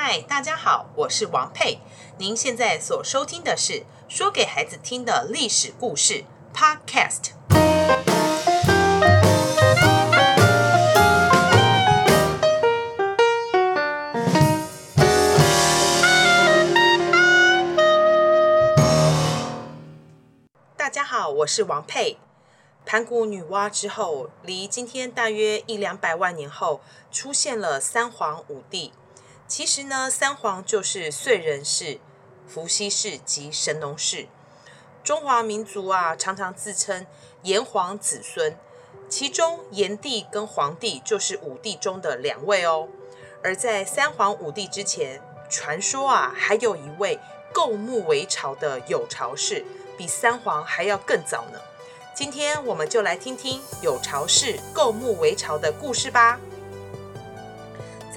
嗨，Hi, 大家好，我是王佩。您現在所收聽的是《說給孩子聽的歷史故事》Podcast。大家好，我是王佩。盤古、女媧之後，離今天大約一兩百萬年後，出現了三皇五帝。其實呢，三皇就是燧人氏、伏羲氏及神農氏。中華民族啊，常常自稱炎黃子孫，其中炎帝跟黃帝就是五帝中的兩位哦。而在三皇五帝之前，傳說啊，還有一位構木為巢的有巢氏，比三皇還要更早呢。今天我們就來聽聽有巢氏構木為巢的故事吧。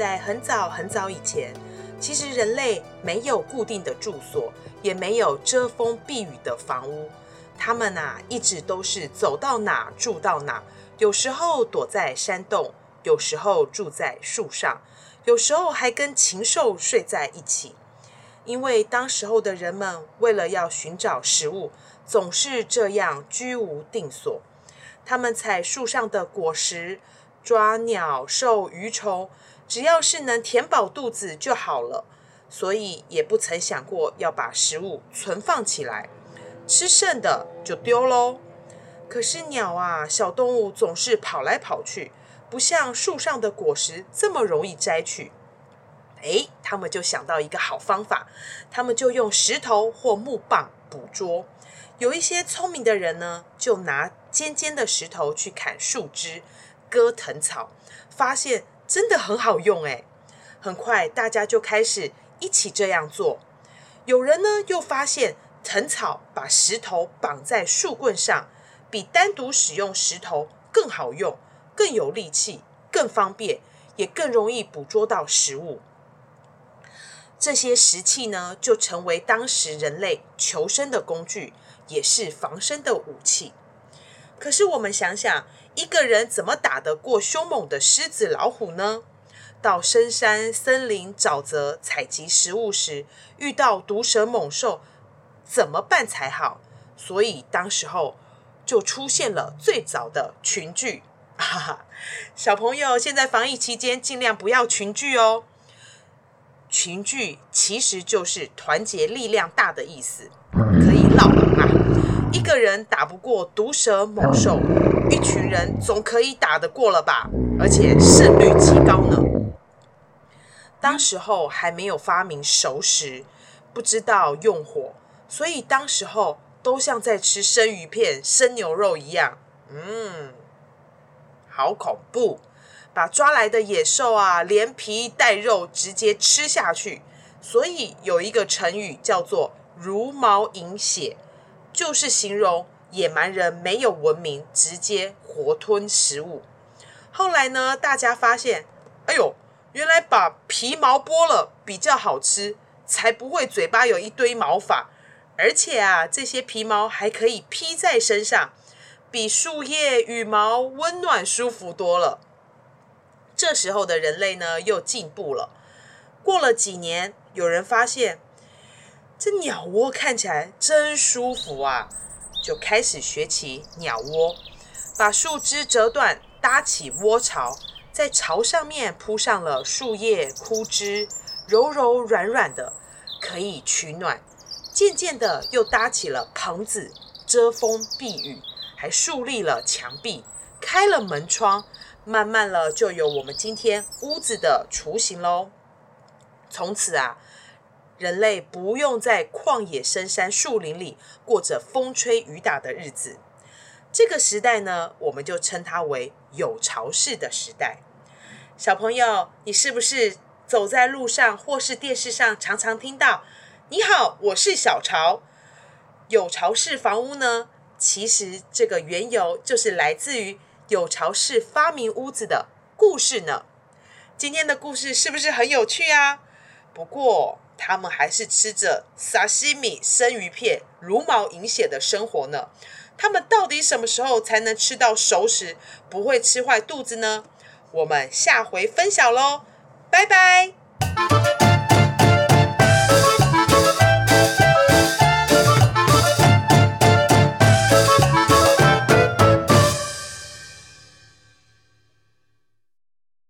在很早很早以前，其實人類沒有固定的住所，也沒有遮風避雨的房屋。他們啊，一直都是走到哪住到哪，有時候躲在山洞，有時候住在樹上，有時候還跟禽獸睡在一起。因為當時候的人們為了要尋找食物，總是這樣居無定所。他們採樹上的果實。抓鳥獸魚蟲，只要是能填飽肚子就好了，所以也不曾想過要把食物存放起來，吃剩的就丟嘍。可是鳥啊，小動物總是跑來跑去，不像樹上的果實這麼容易摘取。誒，他們就想到一個好方法，他們就用石頭或木棒捕捉。有一些聰明的人呢，就拿尖尖的石頭去砍樹枝。割藤草，發現真的很好用誒。很快大家就開始一起這樣做。有人呢又發現藤草把石頭綁在樹棍上，比單獨使用石頭更好用，更有力氣，更方便，也更容易捕捉到食物。這些石器呢，就成為當時人類求生的工具，也是防身的武器。可是我們想想。一個人怎麼打得過兇猛的獅子、老虎呢？到深山、森林、沼澤採集食物時，遇到毒蛇猛獸，怎麼辦才好？所以當時候就出現了最早的群聚。哈、啊、哈，小朋友，現在防疫期間，儘量不要群聚哦。群聚其實就是團結力量大的意思， 可以鬧了啊！一個人打不過毒蛇猛獸。一群人總可以打得過了吧？而且勝率極高呢。當時候還沒有發明熟食，不知道用火，所以當時候都像在吃生魚片、生牛肉一樣。嗯，好恐怖！把抓來的野獸啊，連皮帶肉直接吃下去。所以有一個成語叫做“茹毛飲血”，就是形容。野蠻人沒有文明，直接活吞食物。後來呢，大家發現，哎呦，原來把皮毛剝了比較好吃，才不會嘴巴有一堆毛髮。而且啊，這些皮毛還可以披在身上，比樹葉、羽毛溫暖舒服多了。這時候的人類呢，又進步了。過了幾年，有人發現，這鳥窩看起來真舒服啊。就開始學起鳥窩，把樹枝折斷搭起窩巢，在巢上面鋪上了樹葉、枯枝，柔柔軟軟的，可以取暖。漸漸的，又搭起了棚子，遮風避雨，還豎立了牆壁，開了門窗。慢慢了，就有我們今天屋子的雛形嘍。從此啊。人類不用在曠野、深山、樹林裡過着風吹雨打的日子。這個時代呢，我們就稱它為有巢氏的時代。小朋友，你是不是走在路上或是電視上常常常聽到“你好，我是小巢”？有巢氏房屋呢，其實這個緣由就是來自於有巢氏發明屋子的故事呢。今天的故事是不是很有趣啊？不過。他們還是吃着沙西米、生魚片、茹毛飲血的生活呢。他們到底什麼時候才能吃到熟食，不會吃壞肚子呢？我們下回分曉嘍，拜拜。